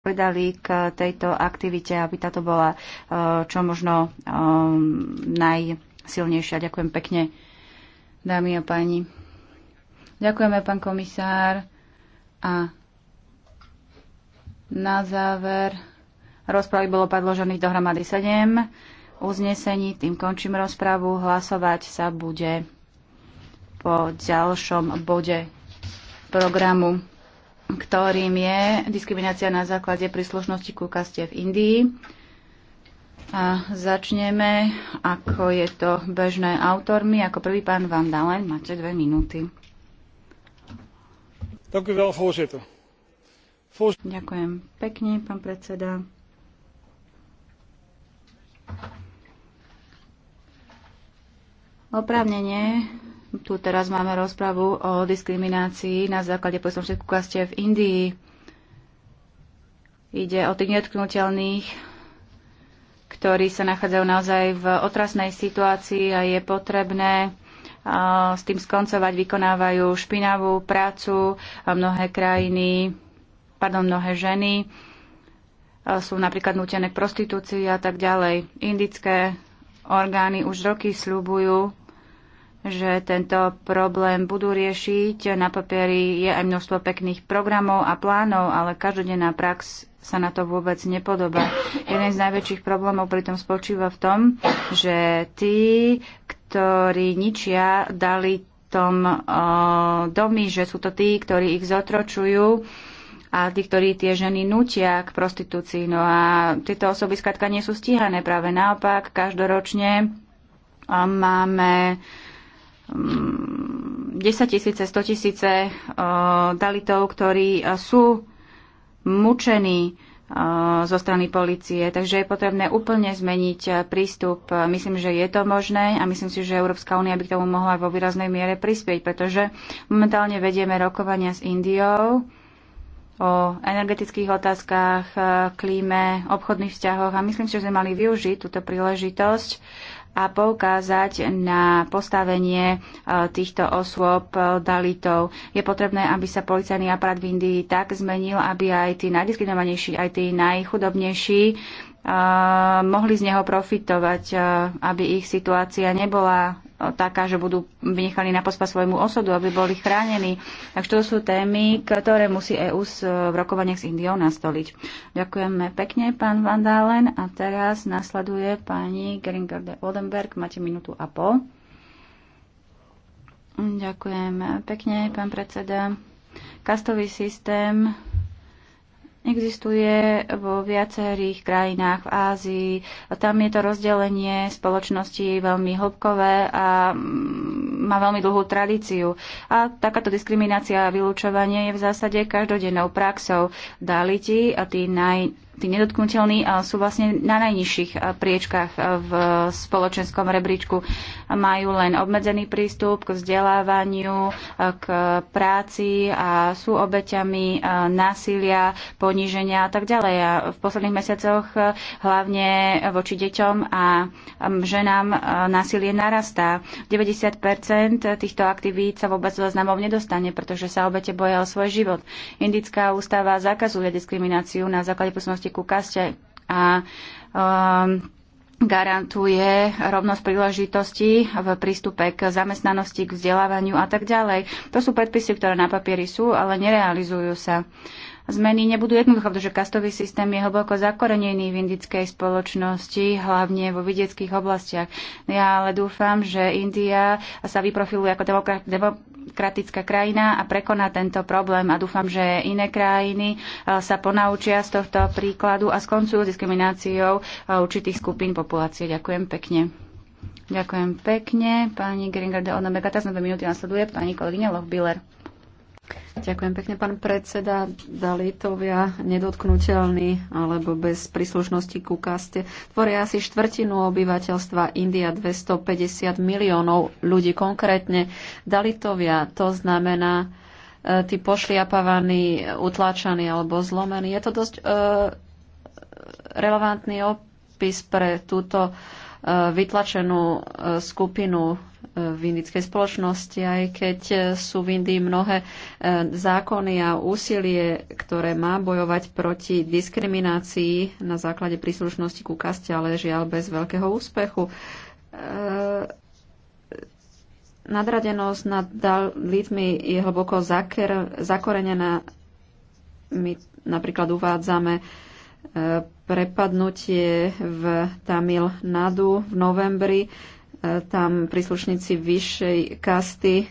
povedali k tejto aktivite, aby táto bola e, čo možno e, najsilnejšia. Ďakujem pekne, dámy a páni. Ďakujeme, pán komisár. A na záver rozpravy bolo predložených dohromady 7 uznesení. Tým končím rozpravu. Hlasovať sa bude po ďalšom bode programu ktorým je diskriminácia na základe príslušnosti ku kaste v Indii. A začneme, ako je to bežné autormi. Ako prvý pán Van Dalen, máte dve minúty. Ďakujem pekne, pán predseda. Oprávnenie tu teraz máme rozpravu o diskriminácii na základe príslušných kaste v Indii. Ide o tých netknutelných, ktorí sa nachádzajú naozaj v otrasnej situácii a je potrebné s tým skoncovať, vykonávajú špinavú prácu a mnohé krajiny, pardon, mnohé ženy sú napríklad nutené k prostitúcii a tak ďalej. Indické orgány už roky slúbujú že tento problém budú riešiť. Na papieri je aj množstvo pekných programov a plánov, ale každodenná prax sa na to vôbec nepodobá. Jeden z najväčších problémov pritom spočíva v tom, že tí, ktorí ničia, dali tom uh, domy, že sú to tí, ktorí ich zotročujú a tí, ktorí tie ženy nutia k prostitúcii. No a tieto osoby skladka nie sú stíhané, práve naopak, každoročne máme uh, 10 mm, tisíce, 100 tisíce eh, dalitov, ktorí eh, sú mučení eh, zo strany policie. Takže je potrebné úplne zmeniť prístup. Myslím, že je to možné a myslím si, že Európska únia by k tomu mohla vo výraznej miere prispieť, pretože momentálne vedieme rokovania s Indiou o energetických otázkach, klíme, obchodných vzťahoch a myslím si, že sme mali využiť túto príležitosť a poukázať na postavenie e, týchto osôb e, dalitov. Je potrebné, aby sa policajný aparát v Indii tak zmenil, aby aj tí najdiskriminovanejší, aj tí najchudobnejší mohli z neho profitovať, aby ich situácia nebola taká, že budú vynechaní na pospa svojmu osudu, aby boli chránení. Takže to sú témy, ktoré musí EÚ e, v rokovaniach s Indiou nastoliť. Ďakujeme pekne, pán Van Dalen. A teraz nasleduje pani Geringer de Odenberg. Máte minútu a pol. Ďakujem pekne, pán predseda. Kastový systém Existuje vo viacerých krajinách v Ázii. Tam je to rozdelenie spoločnosti veľmi hĺbkové a mm, má veľmi dlhú tradíciu. A takáto diskriminácia a vylúčovanie je v zásade každodennou praxou. Daliti a tí naj tí nedotknutelní sú vlastne na najnižších eh, priečkách eh, v spoločenskom rebríčku. Majú len obmedzený prístup k vzdelávaniu, eh, k práci a sú obeťami násilia, poníženia a tak ďalej. A v posledných mesiacoch hlavne voči deťom a ženám násilie narastá. 90% týchto aktivít sa vôbec do znamov nedostane, pretože sa obete boja o svoj život. Indická ústava zakazuje diskrimináciu na základe posunosti politiku kaste a um, garantuje rovnosť príležitostí v prístupe k zamestnanosti, k vzdelávaniu a tak ďalej. To sú predpisy, ktoré na papieri sú, ale nerealizujú sa. Zmeny nebudú jednoduché, pretože kastový systém je hlboko zakorenený v indickej spoločnosti, hlavne vo vidieckých oblastiach. Ja ale dúfam, že India sa vyprofiluje ako demokra- demokratická krajina a prekoná tento problém a dúfam, že iné krajiny e, sa ponaučia z tohto príkladu a skoncujú s diskrimináciou e, určitých skupín populácie. Ďakujem pekne. Ďakujem pekne. Pani Geringer de Ona Begata, z minúty nasleduje pani kolegyňa Lochbiller. Ďakujem pekne, pán predseda. Dalitovia nedotknutelní alebo bez príslušnosti ku kaste tvoria asi štvrtinu obyvateľstva India, 250 miliónov ľudí konkrétne. Dalitovia to znamená e, tí pošliapavaní, utláčaní alebo zlomení. Je to dosť e, relevantný opis pre túto e, Eh, vytlačenú eh, skupinu eh, v indickej spoločnosti, aj keď sú v Indii mnohé zákony a úsilie, ktoré má bojovať proti diskriminácii na základe príslušnosti ku kaste, ale žiaľ bez veľkého úspechu nadradenosť nad lidmi je hlboko zakorenená. My napríklad uvádzame prepadnutie v Tamil Nadu v novembri. E, tam príslušníci vyššej kasty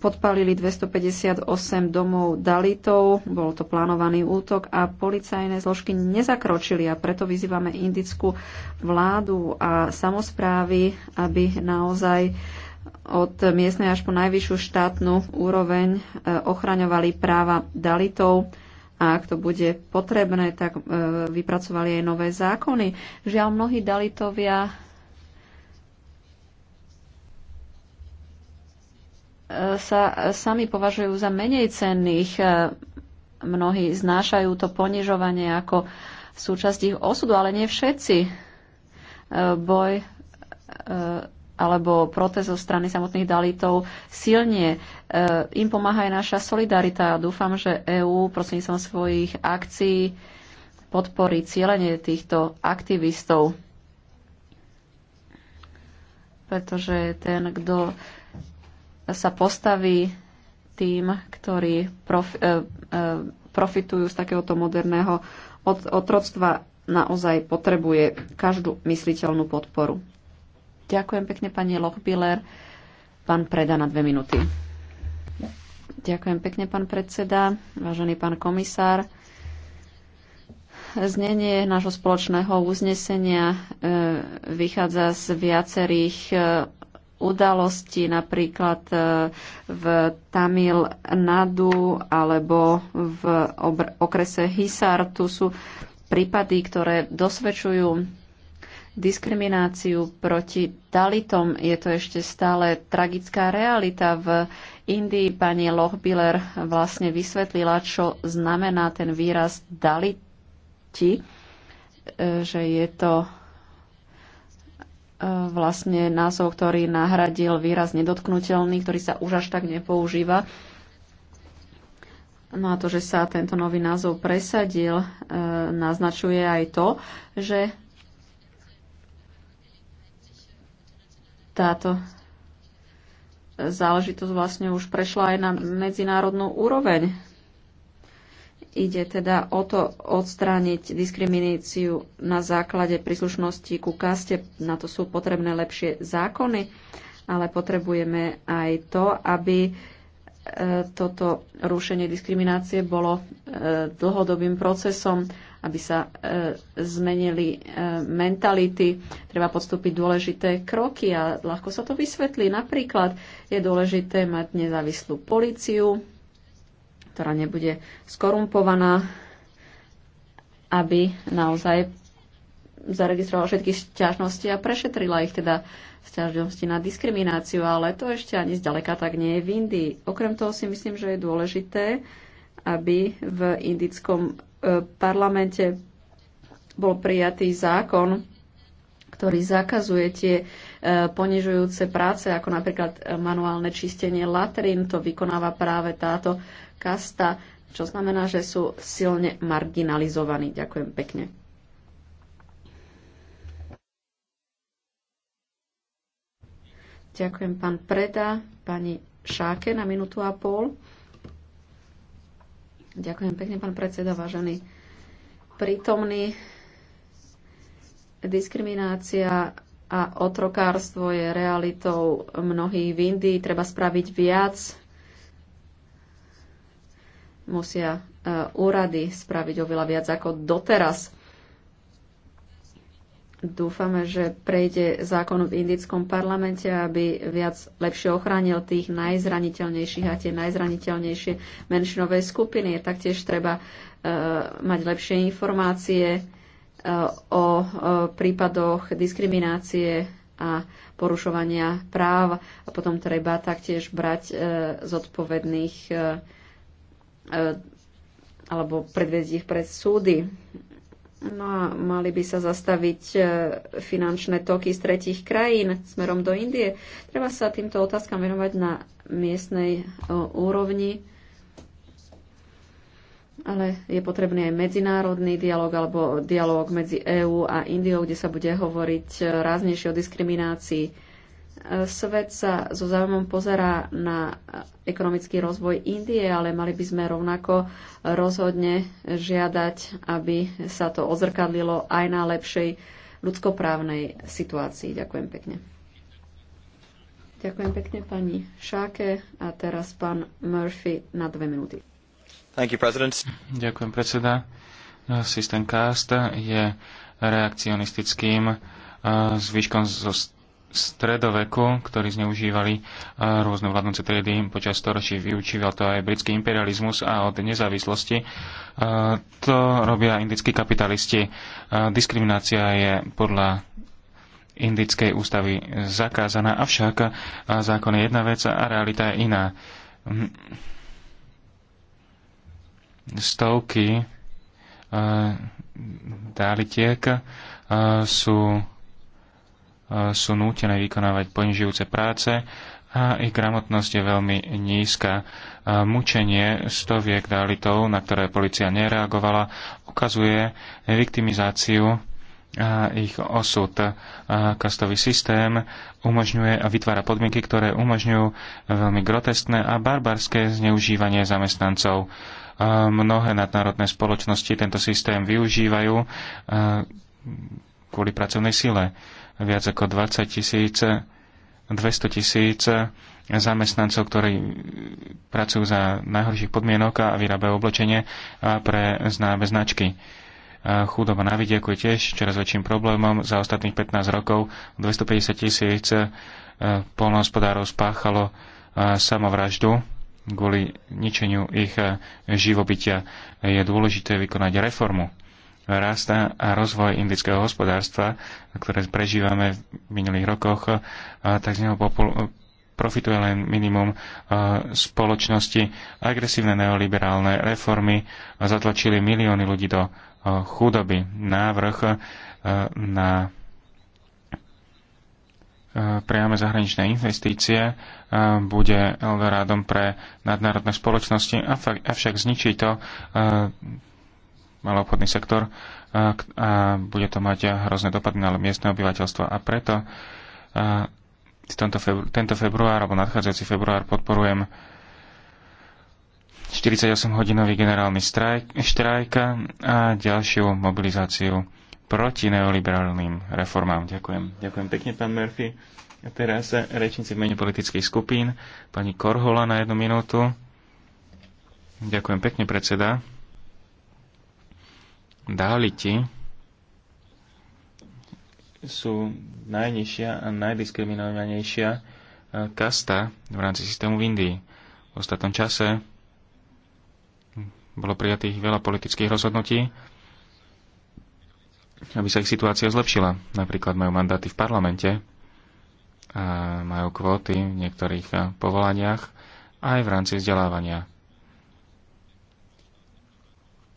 podpalili 258 domov Dalitov, bol to plánovaný útok a policajné zložky nezakročili a preto vyzývame indickú vládu a samozprávy, aby naozaj od miestnej až po najvyššiu štátnu úroveň e, ochraňovali práva Dalitov a ak to bude potrebné, tak e, vypracovali aj nové zákony. Žiaľ, mnohí Dalitovia e, sa sami považujú za menej cenných. E, mnohí znášajú to ponižovanie ako súčasť ich osudu, ale nie všetci. Boj alebo protest zo strany samotných dalitov E, Im pomáha aj naša solidarita. Dúfam, že EÚ som svojich akcií podporí cieľenie týchto aktivistov. Pretože ten, kto sa postaví tým, ktorí prof, e, e profitujú z takéhoto moderného otroctva, naozaj potrebuje každú mysliteľnú podporu. Ďakujem pekne, pani Lochbiller. Pán Preda na dve minúty. Ďakujem pekne, pán predseda, vážený pán komisár. Znenie nášho spoločného uznesenia e, vychádza z viacerých e, udalostí, napríklad e, v Tamil Nadu alebo v okrese Hisar. Tu sú prípady, ktoré dosvedčujú diskrimináciu proti Dalitom. Je to ešte stále tragická realita. V Indii pani Lochbiller vlastne vysvetlila, čo znamená ten výraz Daliti, e, že je to e, vlastne názov, ktorý nahradil výraz nedotknutelný, ktorý sa už až tak nepoužíva. No a to, že sa tento nový názov presadil, e, naznačuje aj to, že Táto záležitosť vlastne už prešla aj na medzinárodnú úroveň. Ide teda o to odstrániť diskrimináciu na základe príslušnosti ku kaste. Na to sú potrebné lepšie zákony, ale potrebujeme aj to, aby e, toto rušenie diskriminácie bolo e, dlhodobým procesom aby sa e, zmenili e, mentality. Treba podstúpiť dôležité kroky a ľahko sa to vysvetlí. Napríklad je dôležité mať nezávislú policiu, ktorá nebude skorumpovaná, aby naozaj zaregistrovala všetky sťažnosti a prešetrila ich teda sťažnosti na diskrimináciu, ale to ešte ani zďaleka tak nie je v Indii. Okrem toho si myslím, že je dôležité, aby v indickom parlamente bol prijatý zákon, ktorý zakazuje tie e, ponižujúce práce, ako napríklad e, manuálne čistenie latrín. To vykonáva práve táto kasta, čo znamená, že sú silne marginalizovaní. Ďakujem pekne. Ďakujem pán Preda, pani Šáke na minútu a pol. Ďakujem pekne, pán predseda, vážený prítomný. Diskriminácia a otrokárstvo je realitou mnohých v Indii. Treba spraviť viac. Musia e, úrady spraviť oveľa viac ako doteraz Dúfame, že prejde zákon v indickom parlamente, aby viac lepšie ochránil tých najzraniteľnejších a tie najzraniteľnejšie menšinové skupiny. Taktiež treba e, mať lepšie informácie e, o e, prípadoch diskriminácie a porušovania práv a potom treba taktiež brať zodpovedných alebo predviezť ich pred súdy. No a mali by sa zastaviť e, finančné toky z tretich krajín smerom do Indie. Treba sa týmto otázkam venovať na miestnej e, úrovni, ale je potrebný aj medzinárodný dialog alebo dialog medzi EÚ a Indiou, kde sa bude hovoriť e, ráznejšie o diskriminácii Svet sa so záujmom pozerá na ekonomický rozvoj Indie, ale mali by sme rovnako rozhodne žiadať, aby sa to ozrkadlilo aj na lepšej ľudskoprávnej situácii. Ďakujem pekne. Ďakujem pekne pani Šáke a teraz pán Murphy na dve minúty. Thank you, President. Ďakujem, predseda. Systém CAST je reakcionistickým eh, zvyškom zo stredoveku, ktorí zneužívali e, rôzne vládnúce triedy počas storočí, vyučíval to aj britský imperializmus a od nezávislosti. E, to robia indickí kapitalisti. E, diskriminácia je podľa indickej ústavy zakázaná, avšak zákon je jedna vec a realita je iná. Mm. Stovky dálitiek sú sú nútené vykonávať ponižujúce práce a ich gramotnosť je veľmi nízka. Mučenie stoviek dalitov, na ktoré policia nereagovala, ukazuje viktimizáciu a ich osud. A kastový systém umožňuje a vytvára podmienky, ktoré umožňujú veľmi grotestné a barbarské zneužívanie zamestnancov. A mnohé nadnárodné spoločnosti tento systém využívajú kvôli pracovnej sile viac ako 20 tisíc, 200 tisíc zamestnancov, ktorí pracujú za najhorších podmienok a vyrábajú oblečenie pre známe značky chudoba na vidieku je tiež čoraz väčším problémom. Za ostatných 15 rokov 250 tisíc e, polnohospodárov spáchalo e, samovraždu kvôli ničeniu ich e, živobytia. Je dôležité vykonať reformu rast a rozvoj indického hospodárstva, ktoré prežívame v minulých rokoch, tak z neho profituje len minimum spoločnosti. Agresívne neoliberálne reformy zatlačili milióny ľudí do chudoby. Návrh na priame zahraničné investície bude Eldorádom pre nadnárodné spoločnosti, avšak zničí to obchodný sektor a, a bude to mať hrozné dopady na miestne obyvateľstvo. A preto a, tento, február, tento február alebo nadchádzajúci február podporujem 48-hodinový generálny strajk, štrajk a ďalšiu mobilizáciu proti neoliberálnym reformám. Ďakujem. Ďakujem pekne, pán Murphy. A teraz rečníci v mene politických skupín. Pani Korhola na jednu minútu. Ďakujem pekne, predseda dáliti sú najnižšia a najdiskriminovanejšia e, kasta v rámci systému v Indii. V ostatnom čase bolo prijatých veľa politických rozhodnutí, aby sa ich situácia zlepšila. Napríklad majú mandáty v parlamente, a majú kvóty v niektorých e, povolaniach aj v rámci vzdelávania.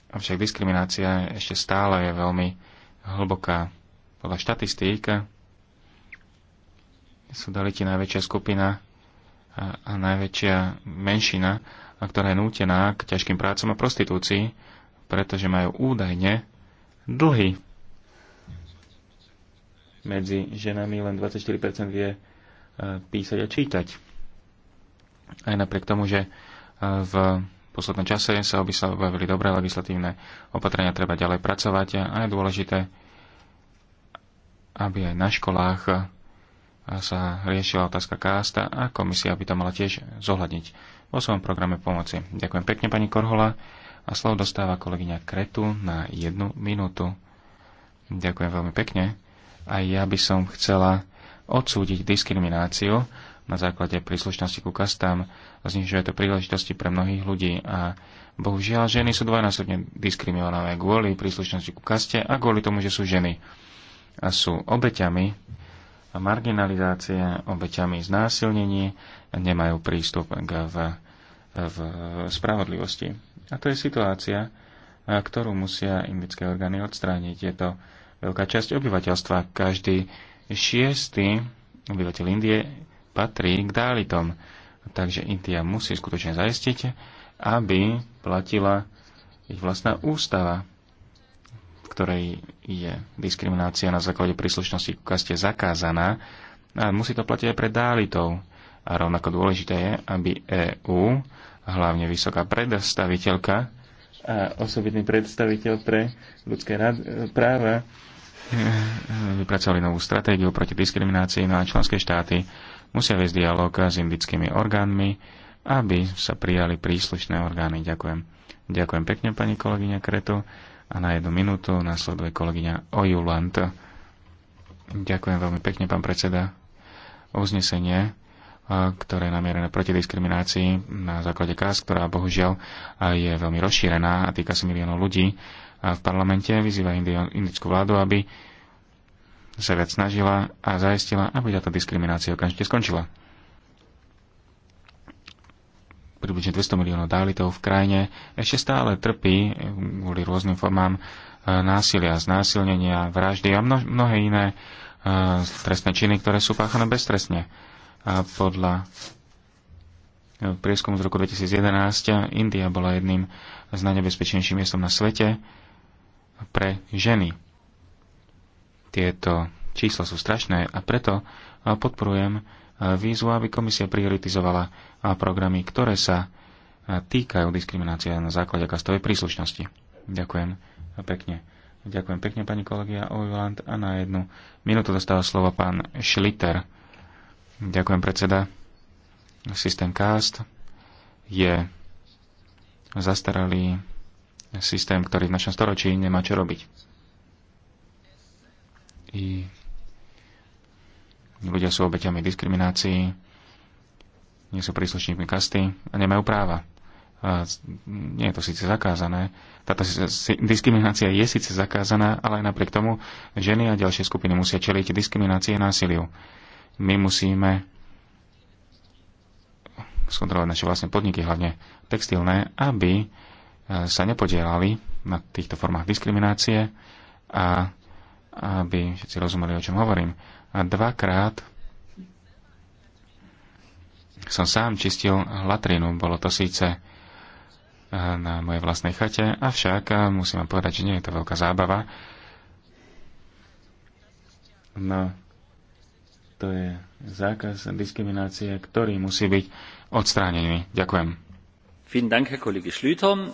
Avšak diskriminácia ešte stále je veľmi hlboká. Podľa štatistík sú daliti najväčšia skupina a, a najväčšia menšina, a ktorá je nútená k ťažkým prácom a prostitúcii, pretože majú údajne dlhy. Medzi ženami len 24% vie e, písať a čítať. Aj napriek tomu, že e, v poslednom čase sa objavili dobré legislatívne opatrenia, treba ďalej pracovať a je dôležité, aby aj na školách sa riešila otázka kásta a komisia by to mala tiež zohľadniť vo svojom programe pomoci. Ďakujem pekne pani Korhola a slovo dostáva kolegyňa Kretu na jednu minútu. Ďakujem veľmi pekne. A ja by som chcela odsúdiť diskrimináciu na základe príslušnosti ku kastám. Znižuje to príležitosti pre mnohých ľudí a bohužiaľ ženy sú dvojnásobne diskriminované kvôli príslušnosti ku kaste a kvôli tomu, že sú ženy a sú obeťami a marginalizácie, obeťami znásilnení, nemajú prístup k v, v spravodlivosti. A to je situácia, ktorú musia indické orgány odstrániť. Je to veľká časť obyvateľstva. Každý šiestý obyvateľ Indie patrí k dálitom. Takže India musí skutočne zaistiť, aby platila ich vlastná ústava, v ktorej je diskriminácia na základe príslušnosti k kaste zakázaná a musí to platiť aj pre dálitov. A rovnako dôležité je, aby EÚ, hlavne vysoká predstaviteľka a osobitný predstaviteľ pre ľudské e, práva, vypracovali novú stratégiu proti diskriminácii, no členské štáty musia viesť dialog s indickými orgánmi, aby sa prijali príslušné orgány. Ďakujem. Ďakujem pekne, pani kolegyňa Kretu. A na jednu minútu nasleduje kolegyňa Ojulant. Ďakujem veľmi pekne, pán predseda. Uznesenie ktoré je namierené proti diskriminácii na základe KAS, ktorá bohužiaľ je veľmi rozšírená a týka sa miliónov ľudí. v parlamente vyzýva indickú vládu, aby sa viac snažila a zaistila, aby táto diskriminácia okamžite skončila. Približne 200 miliónov dálitov v krajine ešte stále trpí kvôli rôznym formám e, násilia, znásilnenia, vraždy a mno, mnohé iné e, trestné činy, ktoré sú páchané beztrestne. A podľa e, prieskumu z roku 2011 India bola jedným z najnebezpečnejších miestom na svete pre ženy tieto čísla sú strašné a preto podporujem výzvu, aby komisia prioritizovala programy, ktoré sa týkajú diskriminácie na základe kastovej príslušnosti. Ďakujem pekne. Ďakujem pekne, pani kolegia Ojland. A na jednu minútu dostáva slovo pán Šliter. Ďakujem, predseda. Systém CAST je zastaralý systém, ktorý v našom storočí nemá čo robiť i ľudia sú obeťami diskriminácií, nie sú príslušníkmi kasty a nemajú práva. A nie je to síce zakázané. Táto diskriminácia je síce zakázaná, ale aj napriek tomu ženy a ďalšie skupiny musia čeliť diskriminácii a násiliu. My musíme skontrolovať naše vlastné podniky, hlavne textilné, aby e, sa nepodielali na týchto formách diskriminácie a aby všetci rozumeli, o čom hovorím. A dvakrát som sám čistil latrinu. Bolo to síce eh, na mojej vlastnej chate, avšak eh, musím vám povedať, že nie je to veľká zábava. No, to je zákaz diskriminácie, ktorý musí byť odstránený. Ďakujem. Vielen Dank, Herr Kollege Schlüter.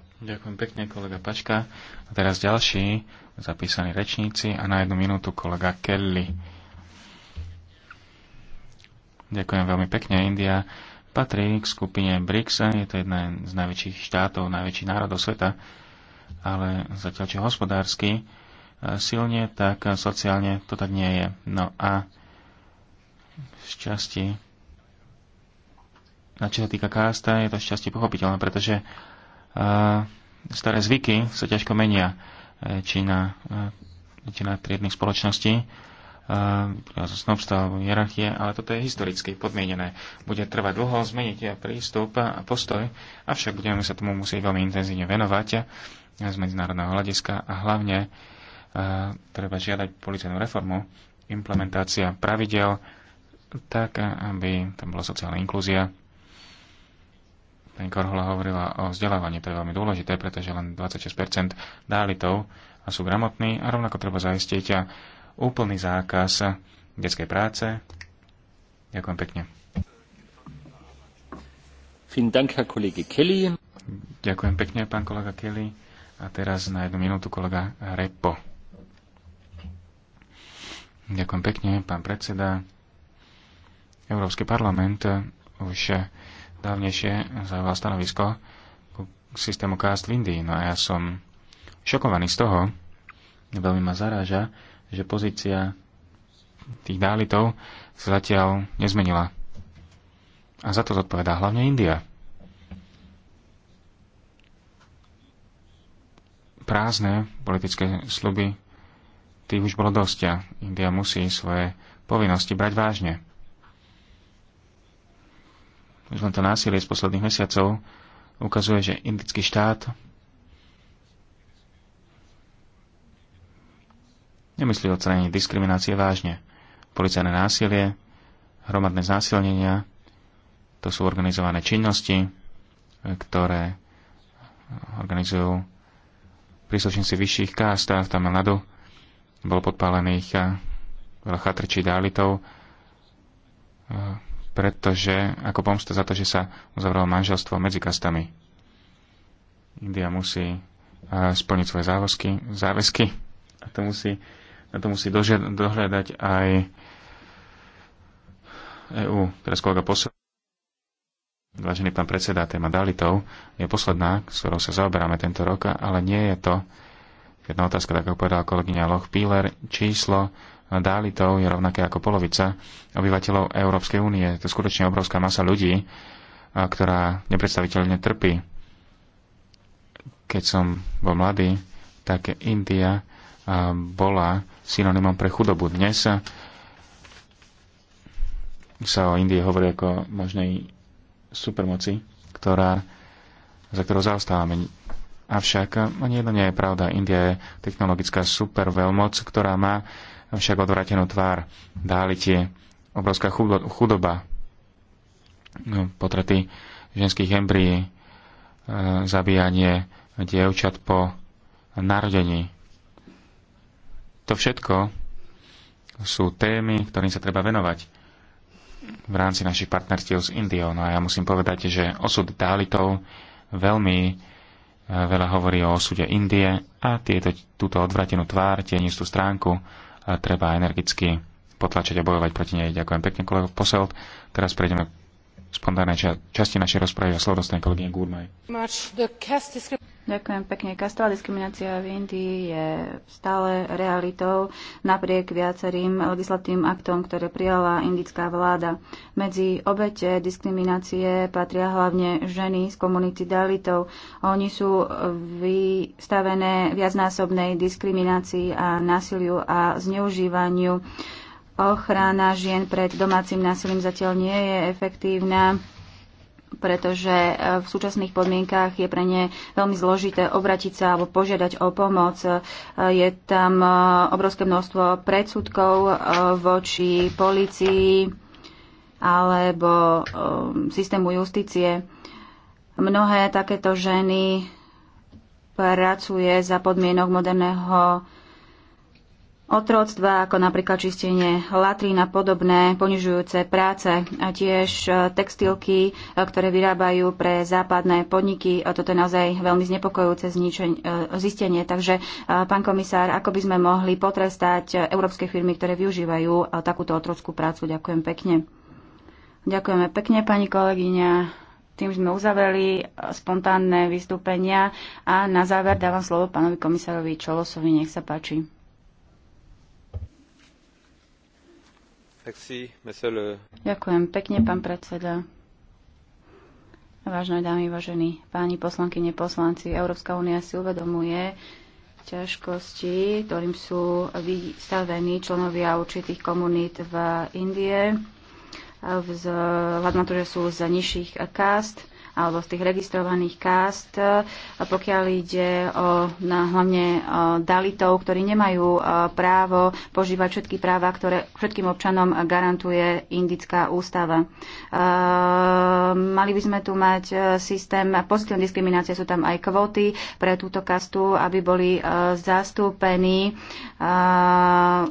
Ďakujem pekne, kolega Pačka. A teraz ďalší zapísaní rečníci a na jednu minútu kolega Kelly. Ďakujem veľmi pekne. India patrí k skupine BRICS, je to jedna z najväčších štátov, najväčších národov sveta, ale zatiaľ čo hospodársky e, silne, tak sociálne to tak nie je. No a z časti, na čo sa týka kásta, je to šťastie pochopiteľné, pretože staré zvyky sa ťažko menia. E, e, či na triednych spoločností, e, snobstva alebo hierarchie, ale toto je historicky podmienené. Bude trvať dlho, zmeniť prístup a postoj, avšak budeme sa tomu musieť veľmi intenzívne venovať z medzinárodného hľadiska a hlavne treba žiadať policajnú reformu, implementácia pravidel, tak aby tam bola sociálna inklúzia, Pani Korhola hovorila o vzdelávaní, to je veľmi dôležité, pretože len 26% dálitov a sú gramotní a rovnako treba zaistiť a úplný zákaz detskej práce. Ďakujem pekne. Ďakujem pekne, pán kolega Kelly. A teraz na jednu minútu kolega Repo. Ďakujem pekne, pán predseda. Európsky parlament už dávnejšie zaujala stanovisko k systému KAST v Indii. No a ja som šokovaný z toho, veľmi ma zaráža, že pozícia tých dálitov sa zatiaľ nezmenila. A za to zodpovedá hlavne India. Prázdne politické sluby, tých už bolo dosť a India musí svoje povinnosti brať vážne už len to násilie z posledných mesiacov ukazuje, že indický štát nemyslí odstranenie diskriminácie vážne. Policajné násilie, hromadné znásilnenia, to sú organizované činnosti, ktoré organizujú príslušníci vyšších kást v Tamil Nadu. Bolo podpálených eh, veľa chatrčí dálitov, eh, pretože ako pomsta za to, že sa uzavrelo manželstvo medzi kastami. India musí eh, splniť svoje záväzky, záväzky a to musí, na to musí dožiad, dohľadať aj EU, Teraz teda kolega posol. Vážený pán predseda, téma Dalitov je posledná, s ktorou sa zaoberáme tento rok, ale nie je to jedna otázka, tak ako povedala kolegyňa Loch Píler, číslo dálitov je rovnaké ako polovica obyvateľov Európskej únie. To je skutočne obrovská masa ľudí, ktorá nepredstaviteľne trpí. Keď som bol mladý, tak India bola synonymom pre chudobu. Dnes sa o Indii hovorí ako možnej supermoci, ktorá, za ktorou zaostávame. Avšak ani jedno nie je pravda. India je technologická superveľmoc, ktorá má však odvratenú tvár. Dáli tie obrovská chudoba, no, potraty ženských embryí, e, zabíjanie dievčat po narodení. To všetko sú témy, ktorým sa treba venovať v rámci našich partnerstiev s Indiou. No a ja musím povedať, že osud Dálitov veľmi e, veľa hovorí o osude Indie a tieto, túto odvratenú tvár, tie tú stránku treba energicky potlačiť a bojovať proti nej. Ďakujem pekne, kolego Poselt. Teraz prejdeme spontánnej ča- časti našej rozpravy a slovo dostane kolegyne Gurmaj. Ďakujem pekne. Kastová diskriminácia v Indii je stále realitou napriek viacerým legislatívnym aktom, ktoré prijala indická vláda. Medzi obete diskriminácie patria hlavne ženy z komunity Dalitov. Oni sú vystavené viacnásobnej diskriminácii a násiliu a zneužívaniu Ochrana žien pred domácim násilím zatiaľ nie je efektívna pretože eh, v súčasných podmienkách je pre ne veľmi zložité obratiť sa alebo požiadať o pomoc. Eh, je tam eh, obrovské množstvo predsudkov voči policii alebo systému justície. Mnohé takéto ženy pracuje za podmienok moderného otroctva, ako napríklad čistenie latrín a podobné ponižujúce práce a tiež e, textilky, e, ktoré vyrábajú pre západné podniky. A e, toto je naozaj veľmi znepokojúce zistenie. Takže, pán komisár, ako by sme mohli potrestať európske firmy, ktoré využívajú takúto otrockú prácu? Ďakujem pekne. Ďakujeme pekne, pani kolegyňa. Tým sme uzavreli spontánne vystúpenia a na záver dávam slovo pánovi komisárovi Čolosovi. Nech sa páči. Ďakujem pekne, pán predseda. Vážne dámy, vážení páni poslankyne, poslanci, Európska únia si uvedomuje ťažkosti, ktorým sú vystavení členovia určitých komunít v Indie vzhľadom na to, že sú z nižších kast alebo z tých registrovaných kást, e, pokiaľ ide o na, hlavne e, dalitov, ktorí nemajú e, právo požívať všetky práva, ktoré všetkým občanom garantuje indická ústava. Mali by sme tu mať systém pozitívnej diskriminácie, sú tam aj kvóty pre túto kastu, aby boli zastúpení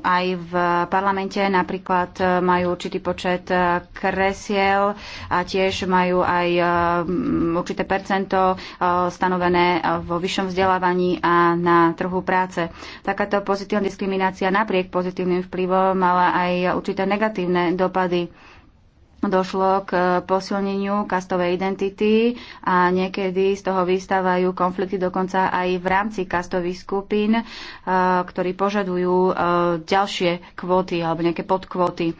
aj v parlamente. Napríklad majú určitý počet kresiel a tiež majú aj určité percento e, stanovené e, vo vyššom vzdelávaní a na trhu práce. Takáto pozitívna diskriminácia napriek pozitívnym vplyvom mala aj určité negatívne dopady došlo k posilneniu kastovej identity a niekedy z toho vystávajú konflikty dokonca aj v rámci kastových skupín, e, ktorí požadujú ďalšie kvóty alebo nejaké podkvóty.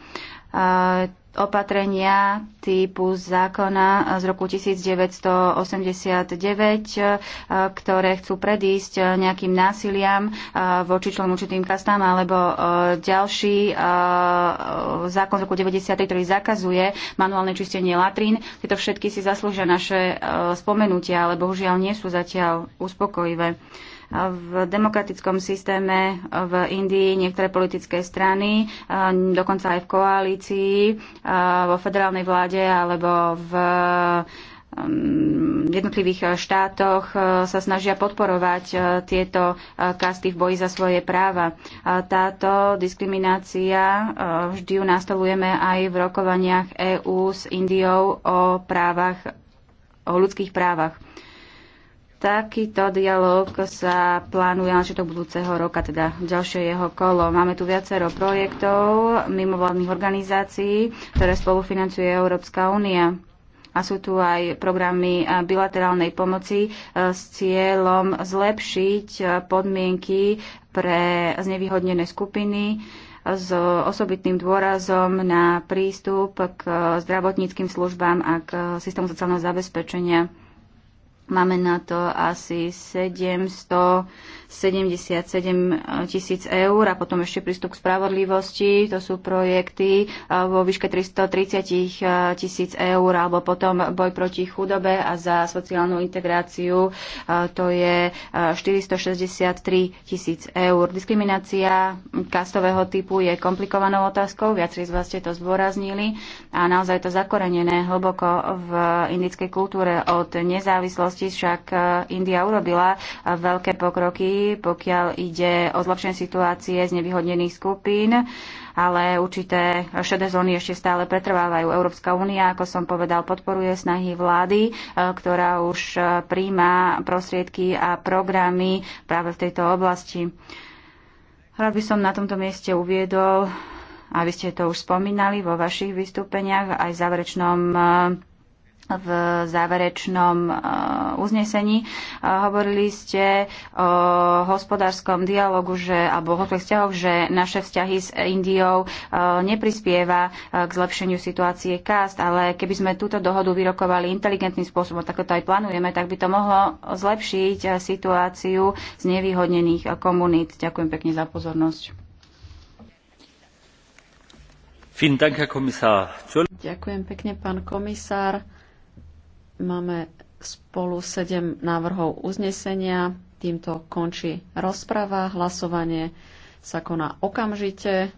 Eh, opatrenia typu zákona z roku 1989, eh, ktoré chcú predísť eh, nejakým násiliam voči členom určitým kastám, alebo ďalší zákon z roku 90, ktorý zakazuje manuálne čistenie latrín. Tieto všetky si zaslúžia naše spomenutia, ale bohužiaľ nie sú zatiaľ uspokojivé. V demokratickom systéme v Indii niektoré politické strany, dokonca aj v koalícii, vo federálnej vláde alebo v mm, jednotlivých štátoch sa snažia podporovať tieto kasty v boji za svoje práva. Táto diskriminácia vždy ju nastavujeme aj v rokovaniach EÚ s Indiou o právach o ľudských právach. Takýto dialog sa plánuje na začiatok budúceho roka, teda ďalšie jeho kolo. Máme tu viacero projektov mimovládnych organizácií, ktoré spolufinancuje Európska únia. A sú tu aj programy eh, bilaterálnej pomoci eh, s cieľom zlepšiť eh, podmienky pre znevýhodnené skupiny s osobitným dôrazom na prístup k zdravotníckým službám a k systému sociálneho zabezpečenia. Máme na to asi 700 77 eh, tisíc eur a potom ešte prístup k spravodlivosti. To sú projekty eh, vo výške 330 eh, tisíc eur alebo potom boj proti chudobe a za sociálnu integráciu. To je 463 tisíc eur. Diskriminácia kastového typu je komplikovanou otázkou. Viacerí z vás ste to zdôraznili a naozaj to zakorenené hlboko v indickej kultúre od nezávislosti však India urobila veľké pokroky pokiaľ ide o zlepšenie situácie z nevyhodnených skupín, ale určité šedé zóny ešte stále pretrvávajú. Európska únia, ako som povedal, podporuje snahy vlády, e, ktorá už e, príjma prostriedky a programy práve v tejto oblasti. Rád by som na tomto mieste uviedol, a vy ste to už spomínali vo vašich vystúpeniach, aj v záverečnom e, v záverečnom e, uznesení. E, hovorili ste o hospodárskom dialogu, že, alebo o vzťahoch, že naše vzťahy s Indiou e, neprispieva k zlepšeniu situácie KAST, ale keby sme túto dohodu vyrokovali inteligentným spôsobom, tak to aj plánujeme, tak by to mohlo zlepšiť situáciu z nevýhodnených komunít. Ďakujem pekne za pozornosť. Ďakujem pekne, pán komisár. Máme spolu sedem návrhov uznesenia. Týmto končí rozprava. Hlasovanie sa koná okamžite.